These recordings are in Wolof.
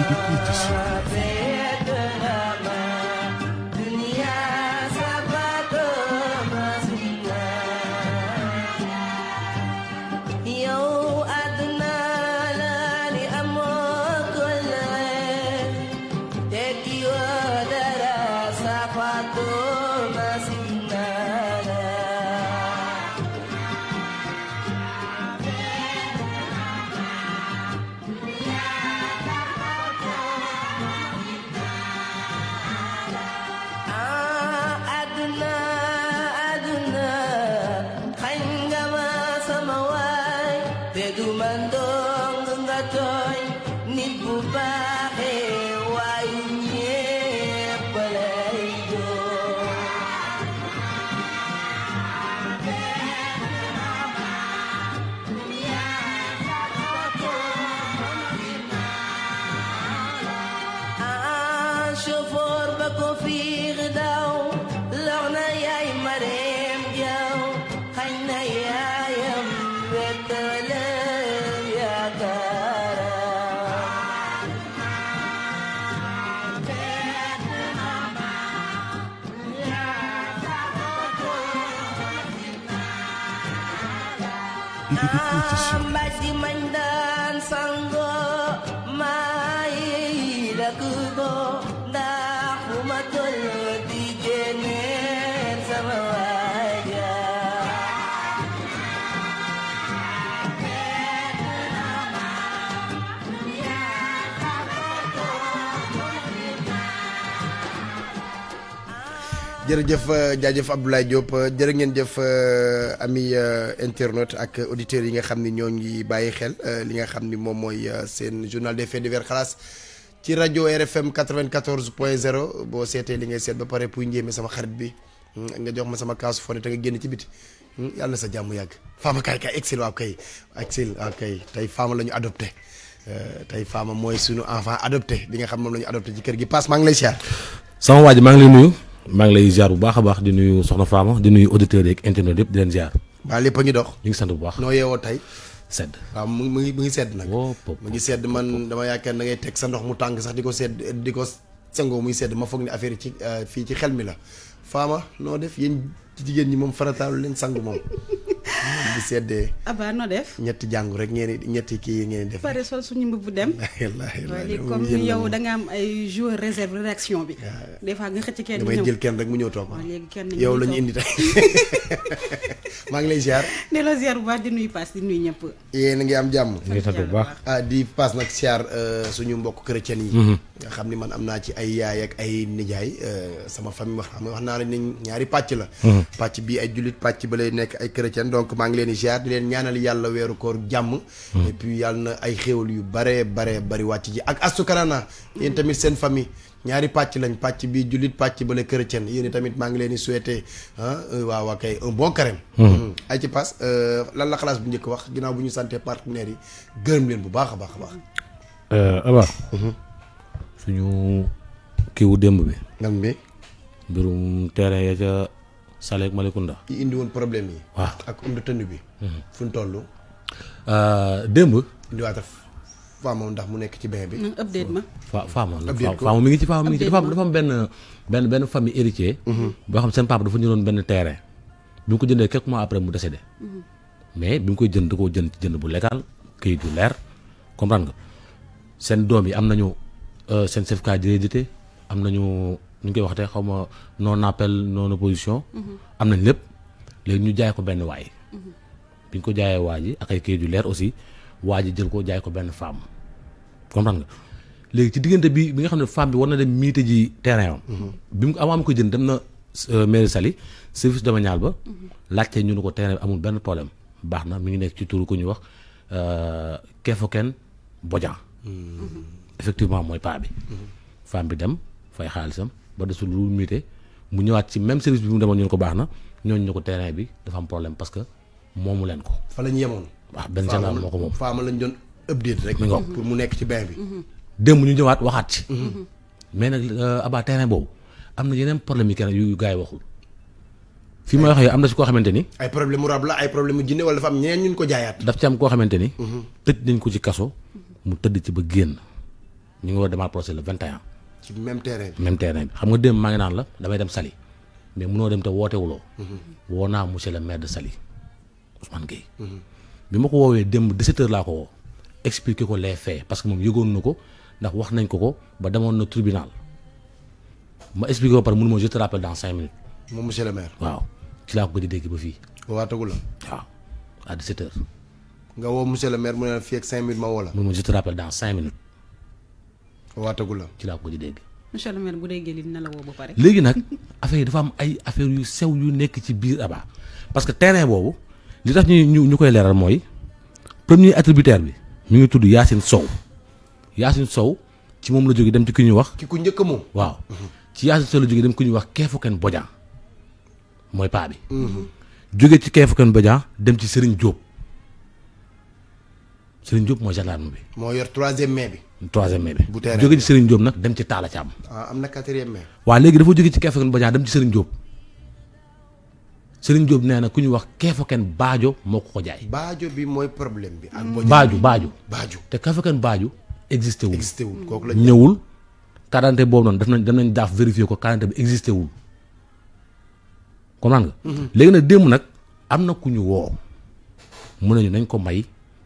いいですよ écoute, écoute, écoute, jërëjëf euh, jaajëf Abdoulaye Diop euh, jërë ngeen jëf euh, ami internaute ak auditeurs yi nga xam ni ñoo ngi bàyyi xel li nga xam ni moom mooy seen journal des faits divers xalaas ci rajo RFM 94 point 0 boo seetee li ngay seet ba pare puy njéeme sama xarit bi hmm, nga jox ma sama kaasu fone te nga génn ci biti hmm, yàlla sa jàmm yàgg. Fama kay kay excel waaw kay excel waaw kay tey Fama la ñu adopté. tey Fama mooy sunu enfant adopté bi nga xam moom la ñu adopté ci kër gi paas maa ngi sama waa ji ngi lay nuyu. maa ngi lay ziar bu baax a baax di nuyu soxna Fama di nuyu auditeurs yeeg internet yëpp di leen ziar. waaw lépp a ngi dox. ñu ngi sant bu baax noo yeewoo tey. sedd waaw mu ngi mu ngi mu ngi sedd nag. mu ngi sedd man dama yaakaar da ngay teg sa ndox mu tàng sax di ko sedd di ko sangoo muy sedd ma foog ne affaire ci euh, fii ci xel mi la Fama noo def yéen jigéen ñi moom farataalu leen sangu moom. bu seddee. abaa noo def. ñett jàngu rek ngeen ñetti kii yi ngeen def. pare sol suñu mbubb dem. wallaahi comme yow da am ay joueur réserve réaction bi. des fois nga xëcc kenn. damay jël kenn rek mu ñëw toog yow la ñu indi tey maa ngi lay ziar. ne la ziar bu baax di paas a ngi am jàmm. ñu ngi sant ah, di paas nag ziar euh, suñu mbokk chrétien yi. Mhm. nga xam ni man am naa ci ay yaay ak ay nijaay euh, sama famille wax wax naa ne ñaari pàcc la. Mhm. pàcc bii ay jullit pàcc ba nekk ay chrétien donc donc maa ngi leen di ziar di leen ñaanal yàlla weeru koor jàmm. Hmm. et puis yàlla na ay xéwal yu bare bare bari wàcc ji ak Astou Kanana yéen tamit seen famille. ñaari pàcc lañ pàcc bi jullit pàcc ba la chrétien yéen tamit maa ngi leen di souhaiter euh, waaw waa kay un bon carême. Hmm. Hmm. ay ci pass euh, lan xalaas bu njëkk wax ginnaaw bu ñu sante partenaires yi gërëm leen bu baax a baax a baax. Euh, Aba. suñu kiiwu démb bi. ngam bi. mbirum terrain ya ca. Sale ak Malekounda. yi indi woon problème yi. waaw ak homme de fu ñu toll. Euh, démb. indiwaata ndax mu nekk ci benn bi. Mm, update ma. fa Fama. Fama mi ngi ci Fama mi ngi ci dafa am dafa am benn benn benn famille héritier. Mhm. boo xam seen papa dafa ñëwoon benn terrain. bi mu ko jëndee quelques mois après mu décédé. Mhm. mais bi mu koy jënd da koo jënd ci jënd bu légal këyit yu leer comprendre nga seen doom yi am nañu euh, seen certificat d'identité am nañu. ñu koy waxatee xaw ma non appel non opposition. am nañ lépp léegi ñu jaay ko benn waay. bi ko jaayee waa ji ak ay kayit yu leer aussi waa ji jël ko jaay ko benn femme comprendre nga léegi ci diggante bi bi nga xam ne femme bi war na dem miite ji terrain am. bi mu am am ko jën dem na euh, mairie Saly service domanial ba. laajte ñu ne ko terrain amul benn problème baax na mi ngi nekk ci turu ku ñu wax euh, Kefoken Bodian. Hmm. effectivement mooy paa bi. femme bi dem fay xaalisam ba desul lu muté mu ñëwaat ci même service bi mu demoon ñun ko baax na ñooñu ñu ko terrain bi dafa am problème parce que moomu leen ko. fa la yemoon. waaw ah, benn général moo ko moom faama mhm. mhm. euh, am na si koo xamante ni. ay problème mu rab la ay problème mu jinne wala dafa am ñeneen ñun ko jaayaat. daf ci am koo xamante ni. Mhm. tëj nañ ko ci kaso mu tëdd ci ba génn ñu ngi war a demaat procès le ci même terrain bi même terrain bi xam nga démb maa ngi naan la damay dem Saly mais munoo dem te wootewuloo mm-hmm. woo naa monsieur le maire de Saly Ousmane Gueye mm-hmm. bi ma ko woowee démb 17 heures laa ko woo expliqué ko les faits parce que moom yëgoon na ko ndax wax nañ ko ko ba demoon na tribunal ma expliqué ko par mënu ma je rappelle dans cinq minutes moom monsieur le maire waaw ci laa ko gëj a dégg ba fii waatagu la waaw à 17 heures nga woo monsieur le maire mu ne fii ak cinq minutes ma woo la mënu ma je te rappelle dans cinq minutes waatagu ci laa ko dégg. monsieur bu déggee li dina la woo ba pare. léegi nag affaire yi dafa am ay affaire yu sew yu nekk ci biir Aba parce que terrain boobu li tax ñu ñu koy leeral mooy premier attributaire bi mi ngi tudd Yacine Sow Yacine Sow ci moom la jóge dem ci ki ñu wax. ki ku njëkk moom waaw. ci Yacine Sow la jógee ku ñuy wax Keefuken Bodian mooy paa bi. Mhm. jóge ci Keefuken Bodian dem ci Serigne jóob sëriñ Diop mooy gendarme bi. moo yor troisième mai bi. troisième mai bi bu teeree jóge ci Serigne Diop nag dem ci Talla Thiam. Ah, am na quatrième mai. waa léegi dafa jóge ci Kefoken Badiane dem ci Serigne Diop Serigne Diop nee na ku ñu wax Kefoken Baajo moo ko ko jaay. Baajo bi mooy problème bi. ak Badiane Baajo Baajo. Baajo te Kefoken Baajo existé wul. existé wul kooku la ñëwul. carte boobu noonu def nañ def nañ daaf vérifier ko carte bi existé kon comprendre nga. Mhm. léegi nag démb nag am na ku ñu woo. mun ne ñu nañ ko may.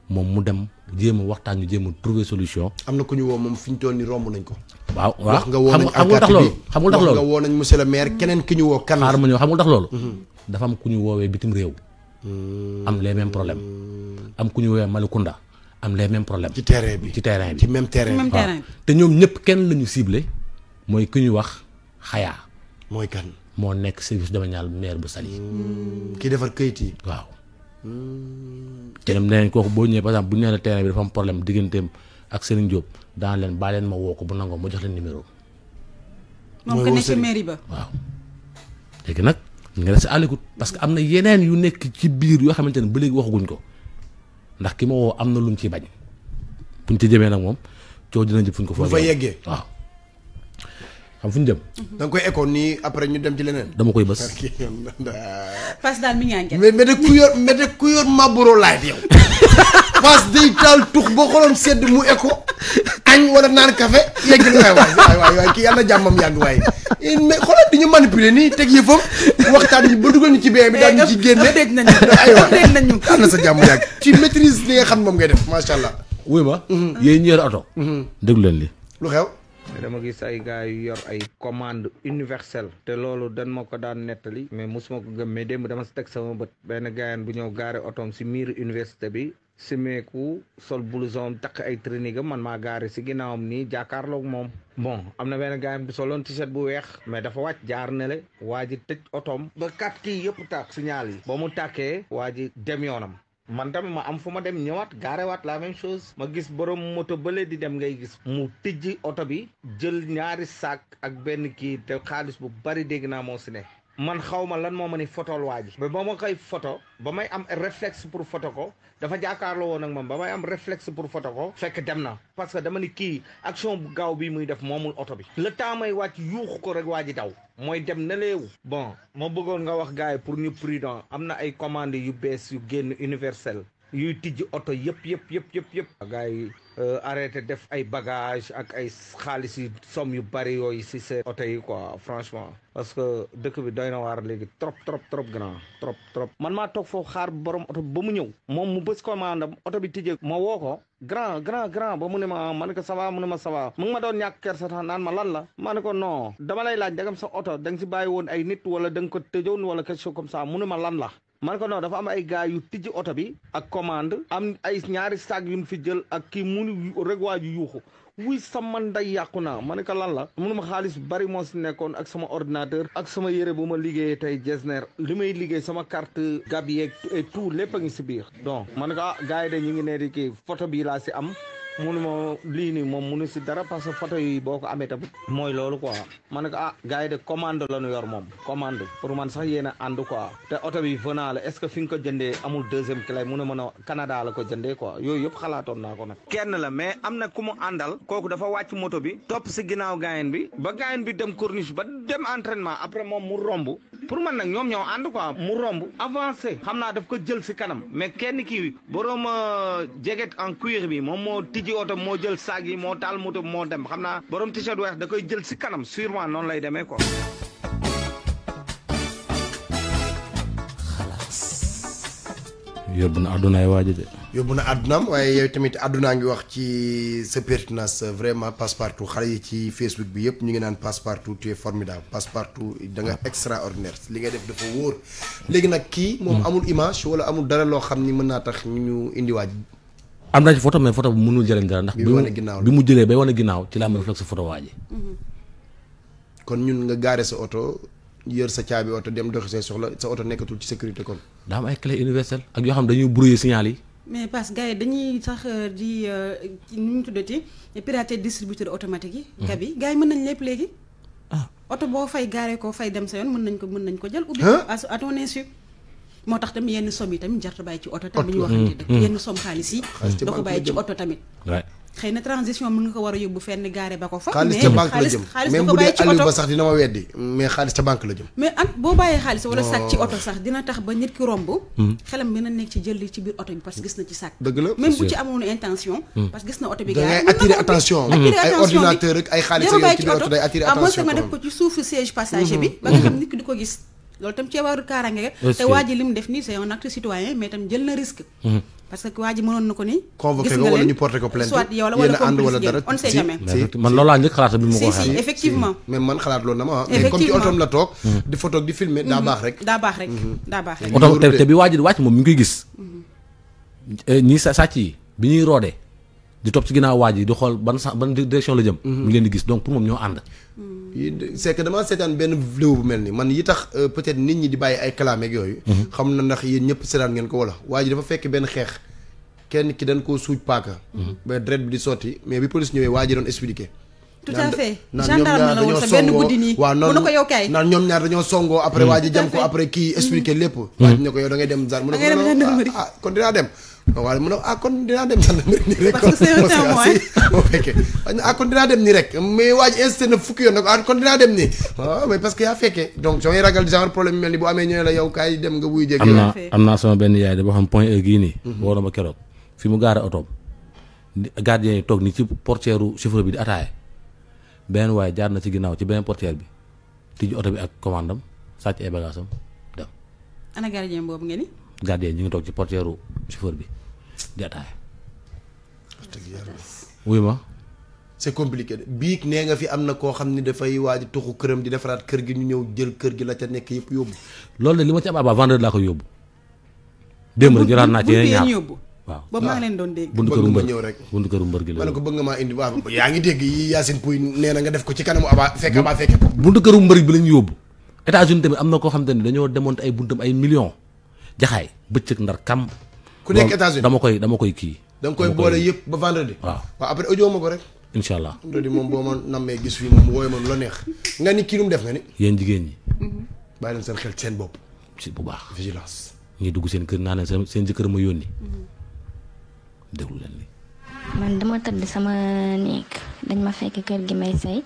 moom mu dem jéem a waxtaan ñu jéem a trouver solution. am na ku ñu woo moom fi ñu toll nii romb nañ ko. waaw waaw xam nga woo nañ alkaati bi xam nga tax woo nañ monsieur le maire keneen ki ñu woo. kan xaar ma ñëw xam nga tax loolu. Mhm. dafa am ku ñu woowee bitim réew. Mm. am les mêmes problème am ku ñu woowee Malikounda am les mêmes problème ci terrain bi ci terrain bi ci même terrain te ñoom ñëpp kenn la ñu ciblé mooy ku ñu wax xayaa. mooy kan moo nekk service domanial maire bu Saly. Mm. kii defar kayit yi waaw. te dem nee kooku boo ñëwee par exemple bu ñu nee la terrain bi dafa am problème digganteem ak Serigne Diop daan leen bàyyi leen ma woo ko bu nangoo ma jox leen numéro. moom ko nekk ci mairie ba waaw. léegi nag nga des à l'écoute parce que am na yeneen yu nekk ci biir yoo xamante ne ba léegi waxaguñ ko ndax ki ma woo am na lu mu ciy bañ buñ ci jëmee nag moom coow dina jëf fuñ ko. foofu fa yeggee waaw. xam fu ñu jëm. da koy école nii après ñu dem ci leneen. dama koy bës. Fass daal mi ngi enquête. mais mais de ku yor mais de ku yor Marlboro Light yow. Fass day taal tux boo xooloon sedd mu écho. añ wala naan café yegg na waay waay waay ki kii yàlla jàmmam yàgg waay. Eh, mais xoolal di ñu manipuler nii teg yëfam waxtaan bi ba dugal ñu ci bee bi daal ñu ci génne. Eh, dégg nañu aywa am na sa jàmm yàgg. ci maîtrise li nga xam moom ngay def macha allah. wuy ma. Mm-hmm. yéen ñeer oto. Mm-hmm. déglu li lu xew. dama gis ay gars yu yor ay commande universelle te loolu dan ma ko daan nettali mais mosuma ko gëm mais dama si teg sama bët benn gaayaan bu ñëw gaare otoom si miir université bi simeeku sol blouson takk ay traînée man maa gaare si ginnaawam nii jàkkaarloog moom bon am na benn gaayam bu soloon t bu weex mais dafa wàcc jaar ne le waa ji tëj otoom ba kat kii yëpp si ñaal yi ba mu tàkkee waa ji dem yoonam man tamit ma am fu ma dem ñëwaat gaarewaat la même chose ma gis borom moto bële di dem ngay gis mu tijji oto bi jël ñaari saak ak benn kii te xaalis bu bari dégg naa moo si ne man xaw ma lan moo ma ni fotool waa ji ba ba ma koy foto ba may am réflexe pour foto ko dafa jaakaarloo woon ak moom ba may am réflexe pour foto ko fekk dem na parce que dama ni kii action bu gaaw bi muy def moomul oto bi le temps may wàcc yuuxu ko rek waa ji daw mooy dem na bon moo bëggoon nga wax gars yi pour ñu prudent am na ay commandes yu bees yu génn universel yuy tijji oto yëpp yëpp yëpp yëpp yëpp gars yi Euh, arrêté def ay bagages ak ay xaalis yi somme yu bari yooyu si seen oto yi quoi franchement parce que dëkk bi doy na waar léegi trop trop trop grand trop trop man maa toog foo xaar borom oto ba mu ñëw moom mu bës commande am oto bi tijjee ma woo ko grand grand grand ba mu ne ma ah, ma ne ko ça va mu ne ma ça va mu ngi ma doon ñàkk kersa tax naan ma lan la ma ne ko non dama lay laaj dagam sa oto da si bàyyi woon ay nit wala da nga ko tëjoon wala quelque chose comme ça mu ne lan la man ko non dafa am ay gars yu tijji oto bi ak commande am ay ñaari saag yu ñu fi jël ak kii munu rek waa yuuxu wuy sama nday yàqu naa ma ne lan la munuma xaalis bari moo si nekkoon ak sama ordinateur ak sama yére bu ma liggéeyee tey jesner li may liggéey sama carte gab yeeg et tout lépp a ngi si biir donc ma ne ah, gars yi de ñu ngi nee di kii photo bi laa si am munu ma lii nii moom munu si dara parce que yi boo ko amee tamit mooy loolu quoi ma ne ko ah gars de commande la ñu yor moom commande pour man sax yéen a ànd quoi te oto bi venant la est ce ko jëndee amul deuxième clé mu ne mën a Canada la ko jëndee quoi yooyu yëpp xalaatoon naa ko nag kenn la mais am na ku mu àndal kooku dafa wàcc moto bi topp si ginnaaw gaayen bi ba gaayen bi dem corniche ba dem entraînement après moom mu romb pour man nag ñoom ñoo ànd ko tijji oto moo jël saag yi moo taal moto moo dem xam naa borom t-shirt weex da koy jël si kanam sûrement noonu lay demee ko yóbbu na àddunaay waaj de. yóbbu na àddunaam waaye yow tamit àddunaa ngi wax ci sa pertinence euh, vraiment Passepartout xale yi ci Facebook bi yëpp ñu ngi naan Passepartout tu es formidable Passepartout da nga extraordinaire li nga def dafa wóor. léegi nag kii. moom hmm. amul image wala amul dara loo xam ni mën naa tax ñu indiwaat. am naa ci photo mais photo bu mënul jëriñ ndax. bi mu bi mu jëlee bay wane ginnaaw ci laa am réflexe photo waa ji. Mm-hmm. kon ñun nga gaare sa oto yor sa caabi oto dem doxi say soxla sa oto nekkatul ci sécurité kon. daa am ay clé ak yoo xam dañuy brouiller signal yi. mais parce que gars yi dañuy sax euh, di euh, nu ñu tuddati pirater distributeur automatique yi. kab mm-hmm. yi gars yi mën nañ lépp léegi. ah oto boo fay gaaree ko fay dem sa yoon mën nañ ko mën nañ ko jël. ubbi à ton insu moo tax tamit yenn somme yi tamit jarta bu ñu waxante dëgg mm. yenn somme xaalis yi da ko bàyyi ci oto tamit xëy na transition mën nga ko war a yóbbu fenn gaare ba ko fa mais boo bàyyee xaalis ci oh. oto sax dina tax ba nit ki romb mm. xelam dina nekk ci jël ci biir oto bi parce que gis na ci sac dëgg la même ci mm. oto bi gaare attention ay ordinateur xaalis ci oto day attirer attention nga def ko ci suufu siège passager bi mm-hmm. loolu tam ceewaaru kaaraange ga te waa ji li mu def nii c'est un acte citoyen mais tam jël na risque mhm. parce que waa ji mënoon na ko ni convoqué ko wala ñu porté man loolu laa njëkk xalaat bi mu ko waxee mais man xalaat loolu na ma mais comme ci otoom la toog mhm. di photo di filmer daa baax rek daa baax rek mhm. daa baax rek oto te bi waa ji wàcc moom mi ngi koy gis eh, ñii sàcc yi bi ñuy roodee di topp ci ginnaaw waaj yi di xool ban ban direction la jëm. Mm-hmm. mu ngi leen di gis donc pour moom ñoo ànd. Mm-hmm. c'est que seetaan benn vidéo bu mel ni man yi tax euh, peut-être nit ñi di bàyyi ay kalaame ak yooyu. Mm-hmm. xam na ndax yéen ñëpp seetaan ngeen ko wala waa ji dafa fekk benn xeex. kenn ki dañ ko suuj paaka. ba deret bi di sotti mais bi police ñëwee waa ji doon expliqué. tout à fait gendarme la woon sa benn naan ñoom ñaar dañoo songoo après waa ji jam ko après kii expliqué lépp. waa ji ne ko dem zar mu ne dem. donc waaye mu ne ah kon dinaa dem sànni mbir nii rek. parce ah, ah, dem nii rek mais waa ji insisté na fukki yoon nag ah kon dinaa dem nii ah, waaw parce que yaa fekke donc soo ragal genre problème yu mel ni bu amee ñëwee la yow kaay dem nga wuy. jéggi am naa am naa sama benn yaay da boo xam point heure gii mhm. ma keroog fi mu gaaree otoom gardien yi toog ni ci portière u chauffeur bi di ataaye benn waaye jaar na ci ginnaaw ci beneen portière bi tijji oto bi ak commandam sàcc ay bagages am dem. ana gardien ñu ngi toog ci portière u chauffeur bi di ataaya. wax ma. c'est compliqué de bii nee nga fi am na koo xam ni dafay waaj tuxu këram di defaraat kër gi ñu ñëw jël kër gi la ca nekk yëpp yóbbu. loolu de li ma ci am abaa vendredi laa ko yóbbu. démb rek jëlaat naa ci yeneen ñaar yóbbu. waaw boobu maa ngi doon dégg. buntu këru mbër ñëw rek buntu këru mbër gi la. ma ko bëgg nga maa indi yaa ngi dégg yi Yacine ko ci kanamu abaa fekk abaa fekke ko. buntu këru mbër bi lañ yóbbu États-Unis tamit am na koo xam te ne dañoo demoon ay buntam ay millions jaxaay bëccëg ndar kam ku nekk États-Unis dama koy dama koy kii. da koy boole yëpp ba vendredi. waaw waaw après audio ma ko rek. incha allah vendredi moom boo ma nammee gis fii moom wooyee neex nga ni kii nu mu def nga ni. yéen jigéen ñi. Mm-hmm. bàyyi leen seen xel seen bopp. si bu baax vigilance. ñuy dugg seen kër naa leen seen seen jëkkër ma yónni. Mm-hmm. déglu leen man dama tëdd sama néeg dañ ma fekk kër gi may sëy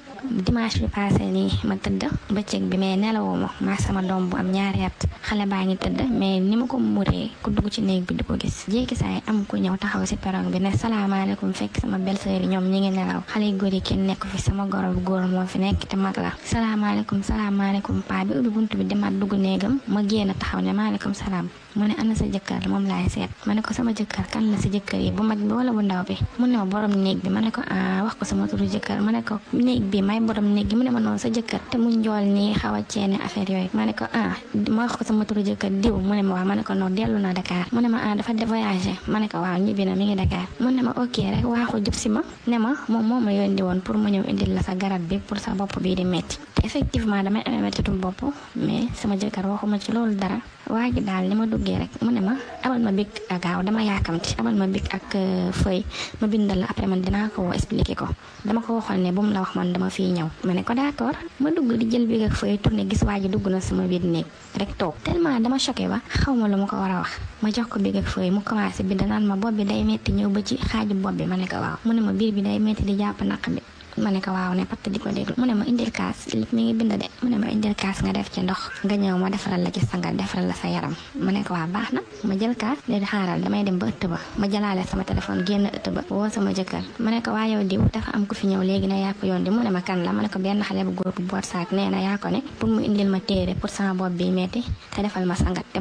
dimanche bi passé nii ma tëdd bëccëg bi mais nelawuma maa sama doom bu am ñaari at xale baa ngi tëdd mais ni ma ko muree ku dugg ci néeg bi ko gis jékki saay am ku ñëw taxaw si perron bi ne salaamaaleykum fekk sama belle-sœur yi ñoom ñi ngi nelaw xale góor yi kenn nekku fi sama goro góor moo fi nekk te mag la salaamaaleykum salaamaaleykum paa bi ubbi bunt bi demaat dugg néegam ma génn taxaw ne maaleykum salaam moo ne na sa jëkkër moom laay seet ma ne ko sama jëkkër kan la si jëkkër yi bu mag bi bu ndaw bi mu ne ma borom néeg bi ma ne ko ah wax ko sama turu jëkkër ma ne ko néeg bi may borom néeg bi mu ne ma noonu sa jëkkër te mu njool nii xaw a ceene affaire yooyu ma ne ko ah ma wax ko sama turu jëkkër diw mu ne ma waaw ma ne ko noonu dellu na Dakar mu ne ma ah dafa voyagé ma ne ko waaw ñibbi na mi ngi Dakar mu ne ma ok rek waaxu jub si ma ne ma moom moo ma yónni woon pour ma ñëw indil la sa garab bi pour sa bopp bii di metti effectivement damay amee méttitum bopp mais sama jëkkër waxuma ci loolu dara waa ji daal li ma duggee rek mu ne ma abal ma bic ak gaaw dama yaakamti abal ma bic ak euh, feuille ma bindal la après man dinaa ko woo expliqué ko dama ko waxoon ne bu la wax man dama fiy ñëw ma ne ko d'accord ma dugg di jël bic ak feuille tourné gis waa ji dugg na sama biir néeg rek toog tellement dama choqué ba xaw ma lu ma ko war a wax ma jox ko bic ak feuille mu commencé bi danaan ma bopp bi day metti ñëw ba ci xaaju bopp bi ma ne ko waaw mu ne ma biir bi day metti di jàpp naq bi ma ne waaw ne patt di ko déglu mu ne ma indil kaas lépp mi ngi bind de nga def ci ndox nga ñëw ma defaral la ci sangal defaral la sa yaram ma ne ko waa baax na ma jël kaas ne xaaral damay ko waa yow diw dafa am ku fi ñëw léegi ma kan la ma ne ko benn xale bu góor bu boot ma téere pour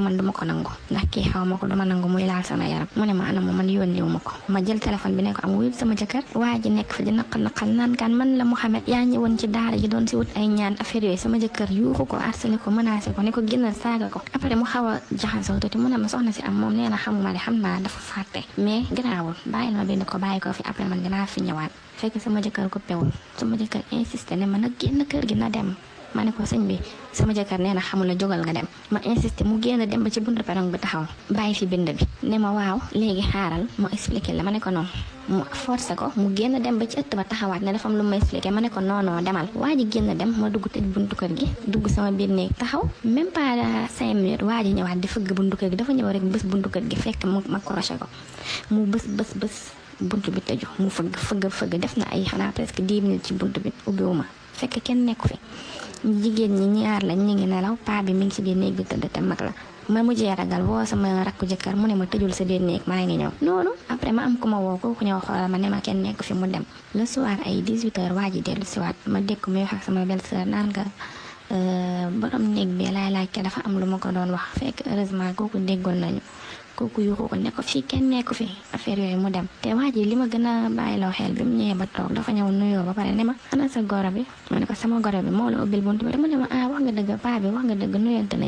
man du ma ko nangu ndax kii xaw ma ko du ma nangu muy laal sama yaram mu ne ma ana ma man yónniwu ma ko ma jël téléphone bi ne am wuyul sama jëkkër waa nekk fa di naqal naqal naan waxtaan man la Mouhamed yaa ñëwoon ci daara ji doon si wut ay ñaan affaire yooyu sama jëkkër yuuxu ko harcelé ko menacé ko ne ko génnal saaga ko après mu xaw a jaxasoo tuuti mu ne ma soxna si am moom nee xamuma de xam naa dafa fàtte mais garaawul bàyyil ma bind ko bàyyi ko fi après man dinaa fi ñëwaat fekk sama jëkkër ko pewul sama jëkkër insisté ne ma nag kër gi na dem ma ne ko sëñ bi sama jëkkër nee na xamul la jógal nga dem ma insisté mu génn dem ba ci buntu perron bi taxaw bàyyi fi bind bi ne ma waaw léegi xaaral ma expliqué la ma ne ko noonu mu forcé ko mu génn dem ba ci ëtt ba taxawaat ne dafa lu ma expliqué ma ne ko noonoo demal waa ji génn dem ma dugg gi dugg sama biir néeg taxaw même pas cinq minutes waa ji ñëwaat di fëgg buntu kër gi dafa ñëw rek bés buntu kër gi fekk mu ma croché ko mu bés bés bés buntu bi tëju mu fëgg fëgg fëgg def na ay xanaa presque dix minutes ci buntu bi ubbiwu ma fekk kenn nekku fi jigéen ñi ñaar lañ ñu ngi nelaw paa bi mi ngi ci biir néeg bi tëdd te mag la ma mujjee ragal boo sama rakku jëkkër mu ne ma tëjul sa biir néeg maa ngi ñëw noonu après ma am ku ma woo ko ku ñëw xoolal ma ne ma kenn nekk fi mu dem le soir ay 18 heures waa ji dellu siwaat ma dékk muy wax sama belle-sœur naan nga euh, borom néeg bi laay laajte dafa am lu ma ko doon wax fekk heureusement kooku déggoon nañu kooku yuuxu ko ne ko kenn nekku fi affaire yooyu mu dem te waa ji li ma gën a bàyyiloo xel bi mu ñëwee ba toog dafa ñëw nuyoo ba pare ne ma goro bi ma ko sama goro moo la ubbil bunt bi mu ne ma ah wax nga dëgg paa bi wax nga dëgg nuyante ma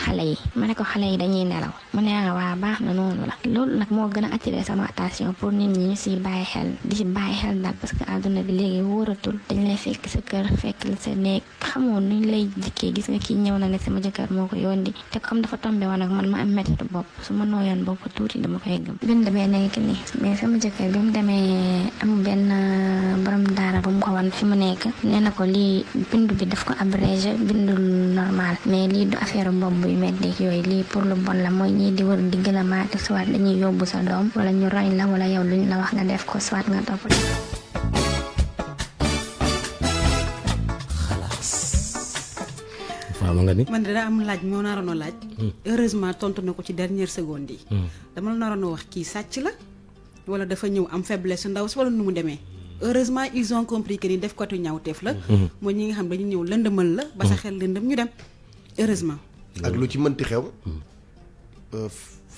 xale yi ma ne ko xale yi dañuy nelaw mu ne ah waa na noonu la loolu nag moo gën a attiré sama attention pour nit ñi si bàyyi xel di si bàyyi xel daal parce que àdduna bi léegi wóoratul dañ lay fekk sa kër fekk sa néeg xamoo nuñ lay jikkee gis nga kii ñëw na ne sama jëkkër moo ko yónni te comme dafa tombé woon ak man ma am métti bopp su ma nooyoon ko tuuti dama koy gëm bi mu demee nekk nii mais sama jëkkër bi mu demee am benn uh, borom daara bu mu ko wan fi mu nekk nee na ko lii bindu bi def ko abrégé bindul normal mais lii du affaire mbob yu métteeg yooyu lii pour lu bon la mooy ñii di wër di gën a maate soit dañuy yóbbu sa doom wala ñu roñ la wala yow luñ la wax nga def ko soit nga topp ma nga man de daa am laaj moo naroon a laaj. Hmm. heureusement tontu na ko ci dernière seconde yi. Hmm. dama la naroon a wax kii sàcc la. wala dafa ñëw am faiblesse su ndaw si wala nu mu demee. heureusement ils ont compris que ni def kotu ñaawteef la. Hmm. mooy ñi nga xam dañu ñëw lëndëmal la. ba sa xel lëndëm ñu dem heureusement. ak lu ci mënti xew. Euh,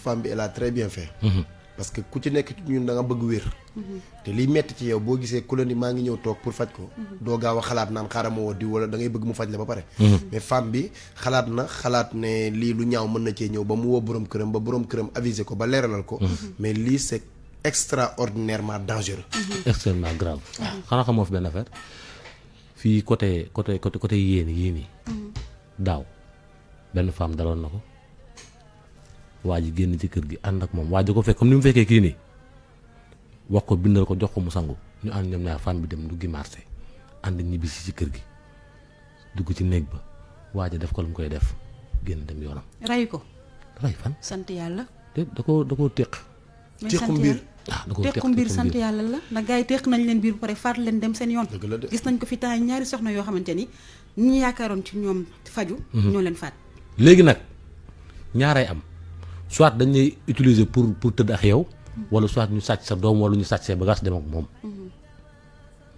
femme bi elle a très bien fait. parce que ku ci nekk ñun danga bëgg wér. te liy metti ci yow boo gisee ku ni maa ngi ñëw toog pour faj ko. doo gaaw xalaat naan xaaral moo woo di wala da ngay bëgg mu faj la ba pare. mais femme bi xalaat na xalaat ne lii lu ñaaw mën na cee ñëw ba mu woo boroom këram ba borom këram aviser ko ba leeralal ko. mais lii c'est extraordinairement dangereux. extrêmement grave. xanaa xamoo fi benn affaire fii côté côté côté côté yéen yéen yi. Mm-hmm. daaw benn femme daloon na waa ji génn ci kër gi ànd ak moom waa ko fekk comme ni mu fekkee kii nii wax ko bindal ko jox ko mu sangu ñu ànd ñoom ñaar fan bi dem duggi marché ànd ñibbisi ci kër gi dugg ci néeg ba waa ji def ko lu mu koy def génn dem yoonam. ray ko. ray fan. sant yàlla. te da koo da koo teq. tequm biir ah da koo teq tequm biir sant yàlla la ndax gars yi teq nañ leen biir bu pare faat leen dem seen yoon. gis nañ ko fi temps ñaari soxna yoo xamante ni ñu yaakaaroon ci ñoom faju mhm. ñoo leen faat. léegi nag ñaaray am. soit dañ lay utiliser pour pour tëdd ak yow wala soit ñu sàcc sa doom wala ñu sàcc sa bagage dem ak moom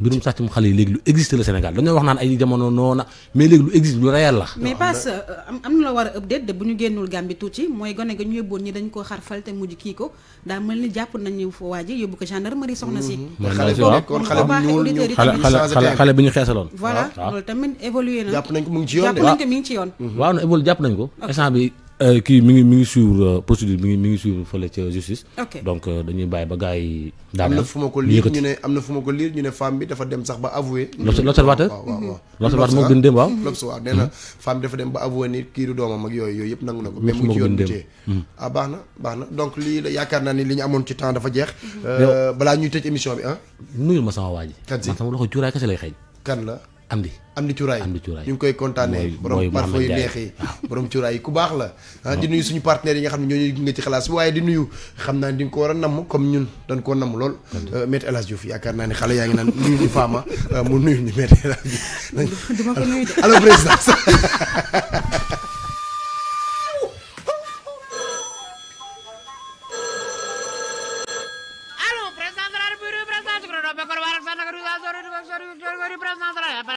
mbirum sàccum xale yi léegi lu existe la Sénégal dañoo wax naan ay jamono noona mais léegi lu existe lu réel la mais parce am na la war a update de bu ñu génnul Gàmbi tuuti mooy gone ga ñu yóbboon koo xarfal te mujj kii ko daa mel ni jàpp nañu fa waa ji yóbbu ko gendarmerie soxna si mhm. xale bi ñu xeesaloon voilà tamit évolué na jàpp nañ ko mi ngi ci yoon waaw na évolué jàpp nañ ko instant Euh, kii mi ngi mi ngi suivre euh, procédure mi ngi mi ngi suivre fële ca justice. donc euh, dañuy bàyyi ba gars yi. daanaka ah, am na fu ma ko ñu am na fu ma ko liir ñu ne femme bi dafa dem sax ba avoué. l'observateur waaw waaw l'observateur moo gën dem waaw. l'observateur na mm-hmm. femme bi dafa dem ba avoué ni kii du doomam ak yooyu yëpp nangu na ko. même mu ci yoon tee mm-hmm. ah baax na baax na donc lii la yaakaar naa ni li ñu amoon ci temps dafa jeex. Mm-hmm. balaa ñuy tëj émission bi ah. nuyul ma sama waa ji. kat si man sama loxo cuuraay kese lay xeeñ. kan la. am di am di cuuraay am ngi koy kontaanee borom parfum yu neex yi borom cuuraay yi ku baax la ah di nuyu suñu partenaires yi nga xam ne ñooñu gunge ci xalaas bi waaye di nuyu xam naa di nga ko war a namm comme ñun dañ koo namm lool euh, Maître El Hadji Diouf yaakaar naa ne xale yaa ngi naan nuyu ñu Fama euh, mu nuyu ñu Maître El Hadji président